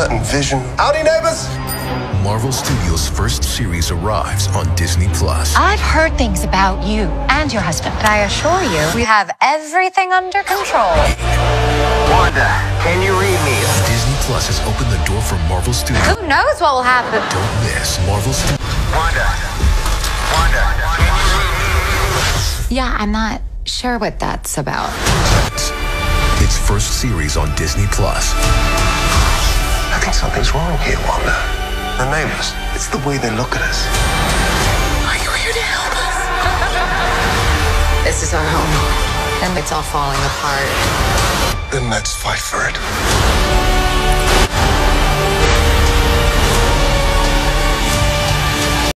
certain vision. Howdy, neighbors! Marvel Studios' first series arrives on Disney Plus. I've heard things about you and your husband, but I assure you, we have everything under control. Wanda, can you read me? Disney Plus has opened the door for Marvel Studios. Who knows what will happen? Don't miss Marvel Studios. Wanda. Wanda. Wanda. Yeah, I'm not sure what that's about. Its first series on Disney Plus here, Wanda. The neighbors, it's the way they look at us. Are you here to help us? this is our home, and it's all falling apart. Then let's fight for it.